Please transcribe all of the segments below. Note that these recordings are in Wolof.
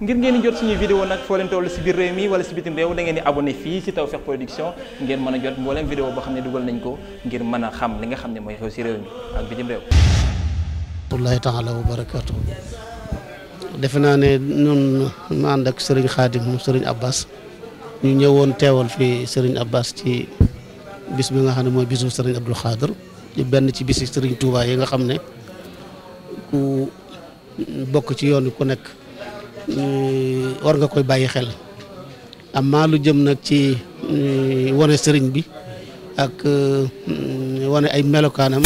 ngir ngeen jot suñuy vidéo nag foo leen toll si biir réew mi wala si bitim réew da ngeen di abonné fii si Tawfekh Production ngeen mën a jot mbooleem vidéo boo xam ne dugal nañ ko ngir mën a xam li nga xam ne mooy xew si réew mi ak bitim réew wallahi taala wa defe naa ne ànd ak Serigne Khadim moom Serigne Abbas ñu ñëwoon teewal fi Serigne Abbas ci bis bi nga xam ne mooy bisu Serigne Abdou Khadr ci benn ci bisi Serigne Touba yi nga xam ne ku bokk ci yoon ku nekk war nga koy bàyyi xel amma lu jëm nag ci mm, wane sëriñ bi ak mm, wane ay melokaanam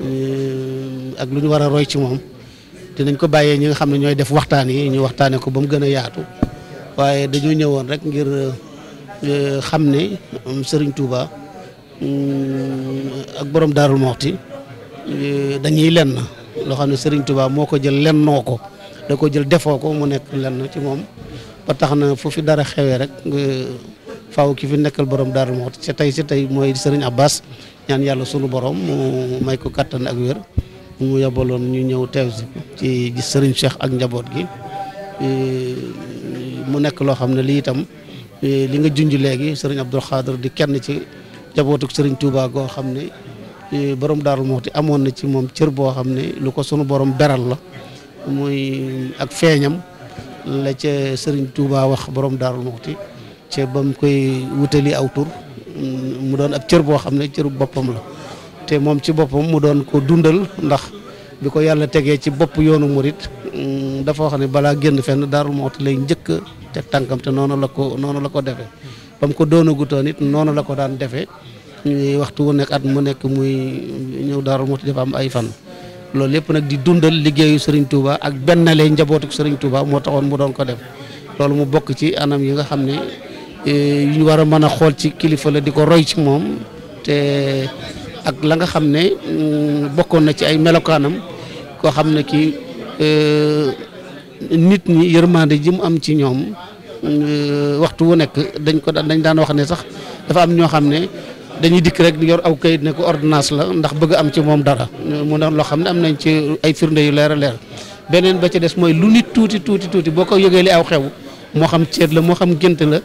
mm, ak lu ñu war a roy ci moom dinañ ko bàyyee ñu nga xam ne ñooy def waxtaan yi ñu waxtaanee ko ba mu gën a yaatu waaye dañoo ñëwoon rek ngir e, xam ne sëriñ Touba ak borom daarul moxti e, dañuy lenn loo xam ne sëriñ Touba moo ko jël lennoo ko. da ko jël defoo ko mu nekk lenn ci moom ba tax na fu fi dara xewee rek faw ki fi nekkal borom Darou Mouhty sa tey sa tey mooy Serigne Abbas ñaan yàlla sunu borom mu may ko kattan ak wér mu yabaloon ñu ñëw teew ci ci Serigne Cheikh ak njaboot gi mu nekk loo xam ne lii itam li nga junj léegi Serigne Abdoul Khadir di kenn ci njabootuk sëriñ tuubaa goo xam ne borom Darou Mouhty amoon na ci moom cër boo xam ne lu ko sunu boroom beral la. muy ak feeñam la cee Serigne Touba wax boroom Daarul Muxti ca ba mu koy wutali aw tur mu doon ak cër boo xam ne cëru boppam la te moom ci boppam mu doon ko dundal ndax bi ko yàlla tegee ci bopp yoonu morit mm, dafa wax ne balaa génn fenn Daarul Muxti lay njëkk te tànkam te noonu la ko noonu la ko defee ba ko doonagutoon it noonu la ko daan defee waxtu wu nekk at mu nekk muy ñëw Daarul Muxti dafa am ay fan loolu lépp nag di dundal liggéeyu Serigne Touba ak benn lay njabootuk Serigne Touba moo taxoon mu doon ko def loolu mu bokk ci anam yi nga xam ne eh, yu ñu war a mën a xool ci kilifa la di ko roy ci moom te ak la nga xam ne mm, bokkoon na ci ay melokaanam koo xam ne kii eh, nit ñi yërmande ji mu am ci ñoom eh, waxtu wu nekk dañ ko daan dañ daan wax ne sax dafa am ñoo xam ne. dañuy dikk rek yor aw kayit ne ko ordonnance la ndax bëgg am ci moom dara mu doon loo xam ne am nañ ci ay firnde yu leer a leer beneen ba ci des mooy lu nit tuuti tuuti tuuti boo ko yëgee li aw xew moo xam ceet la moo xam gént la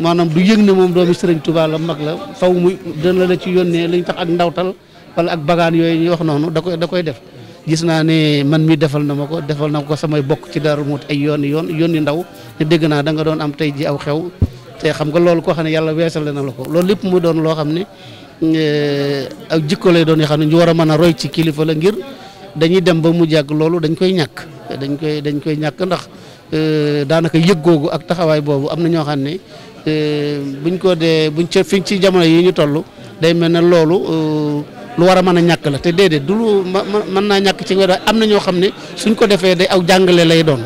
maanaam du yëg ne moom doomi Sëriñ Tuubaa la mag la faw muy dana la ci yónnee li ñu tax ak ndawtal wala ak bagaan yooyu ñu wax noonu da koy da koy def gis naa ne man mi defal na ma ko defal na ko samay bokk ci Daaru Muxti ay yoon yoon yoon yu ndaw te naa da nga doon am tey ji aw xew te xam nga loolu koo xam ne yàlla weesal na la ko loolu lépp mu doon loo xam ne eh, ak jikko lay doon yoo xam ne ñu war a mën a roy ci kilifa la ngir dañuy dem ba mu jàgg loolu dañ koy ñàkk dañ koy dañ koy ñàkk ndax eh, daanaka yëg googu ak taxawaay boobu am na ñoo xam ne eh, buñ ko dee buñ ca fi ci jamono yi ñu toll day mel ne loolu lu war a mën a ñàkk la te déedéet du lu mën naa ñàkk ci wér am na ñoo xam ne suñ ko defee day aw jàngale lay doon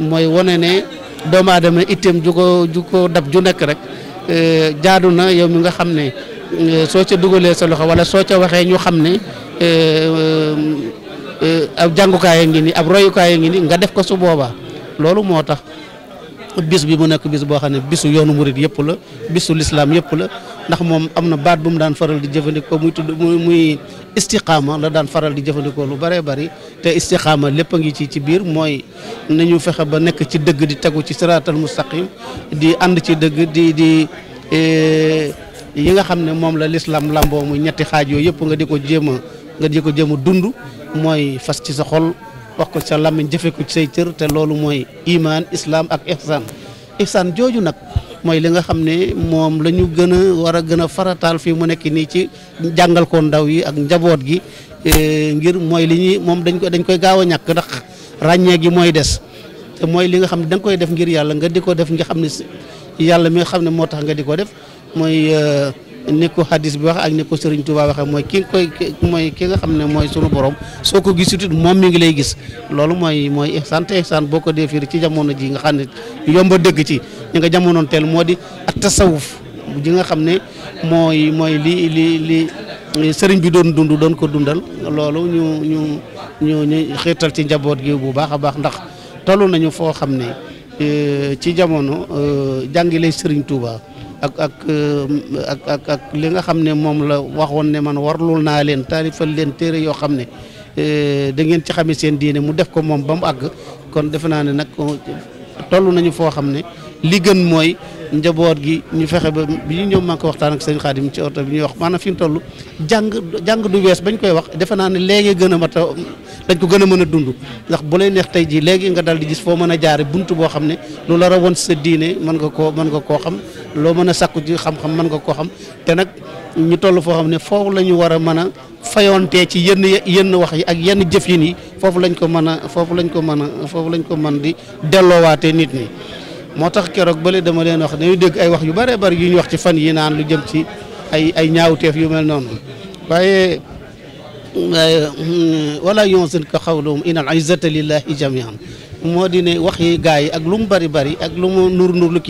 mooy wone ne doomu aadama itteem ju ko ju ko dab ju nekk rek euh, jaadu na yow mi nga xam ne euh, soo ca dugalee sa loxo wala soo ca waxee ñu xam ne euh, ab jàngukaay a ngi nii ab royukaay a ngi nii nga def ko su boobaa loolu moo tax bis bi mu nekk bis boo xam ne bisu yoonu murit yëpp la bisu lislaam yépp la ndax moom am na baat bu mu daan faral di jëfandikoo muy tudd muy muy istiqaama la daan faral di jëfandikoo lu bëree bari te istiqaama lépp a ngi ci ci biir mooy nañu fexe ba nekk ci dëgg di tegu ci siraatal mustaqim di ànd ci dëgg di di e, yi nga xam ne moom la lislaam lamboo muy ñetti xaaj yooyu yëpp nga di ko jéem nga di ko jéem a dund mooy fas ci sa xol wax ko sa làmmiñ jëfe ko ci say cër te loolu mooy imaan islaam ak ihsaan ihsaan jooju nag mooy li nga xam ne moom la ñu gën a war a gën a farataal fii mu nekk nii ci jàngal ko ndaw yi ak njaboot gi eh, ngir mooy li ñuy moom dañ koy dañ koy gaaw a ñàkk ndax ràññee gi mooy des te mooy li nga xam ne da koy def ngir yàlla nga di ko def nga xam ne yàlla mi xam ne moo tax nga di ko def mooy eh, ni ko hadis bi wax ak ni ko Serigne Touba waxee mooy ki koy mooy ki nga xam ne mooy sunu borom soo ko gisutut moom mi ngi lay gis loolu mooy mooy ihsaan te boo ko defee ci jamono ji nga xam ne yomb ci ñi nga jamonoon teel moo di at tasawuf ji nga xam ne mooy mooy li li li sëriñ bi doon dund doon ko dundal loolu ñu ñu ñu ñu xiirtal ci njaboot gi bu baax a baax ndax tollu nañu foo xam ne euh, ci jamono euh, jàngi lay sëriñ Touba. ak ak ak ak ak li nga xam ne moom la waxoon ne man warlul naa leen taalifal leen téere yoo xam ne eh, da ngeen ci xamee seen diine mu def ko moom ba mu àgg kon defe naa ne nag toll nañu foo xam ne li gën mooy njaboot gi ñu fexe ba bi ñu ñëw maa ko waxtaan ak sëñ Xaadim ci oto bi ñuy wax maanaam fi ñu toll jàng jàng du wees bañ koy wax defe naa ne léegi gën a mat a dañ ko gën a mën a dund ndax bu lay neex tey jii léegi nga dal di gis foo mën a jaare bunt boo xam ne lu la rawoon sa diine mën nga koo mën nga koo xam loo mën a sakku ci xam-xam nga koo xam te nag ñu toll foo xam ne foofu la ñu war a mën a fayontee ci yenn yenn wax yi ak yenn jëf yi nii foofu lañ ko mën a foofu lañ ko mën a foofu lañ ko mën di delloowaatee nit ñi moo tax keroog bële dama leen wax dañuy dégg ay wax yu bare bëri yu ñu wax ci fan yi naan lu jëm ci ay ay ñaawteef yu mel noonu waaye hmm, wala yunzinka qawluhum innal izzata lillahi jamian moo di ne wax yi gars yi ak lu mu bari bari ak lu mu nur nur lu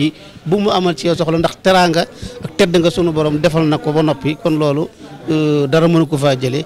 bu mu amal ci yow soxla ndax teraanga ak tedd nga sunu borom defal na ko ba noppi kon loolu euh, dara mënu ko faa jëlee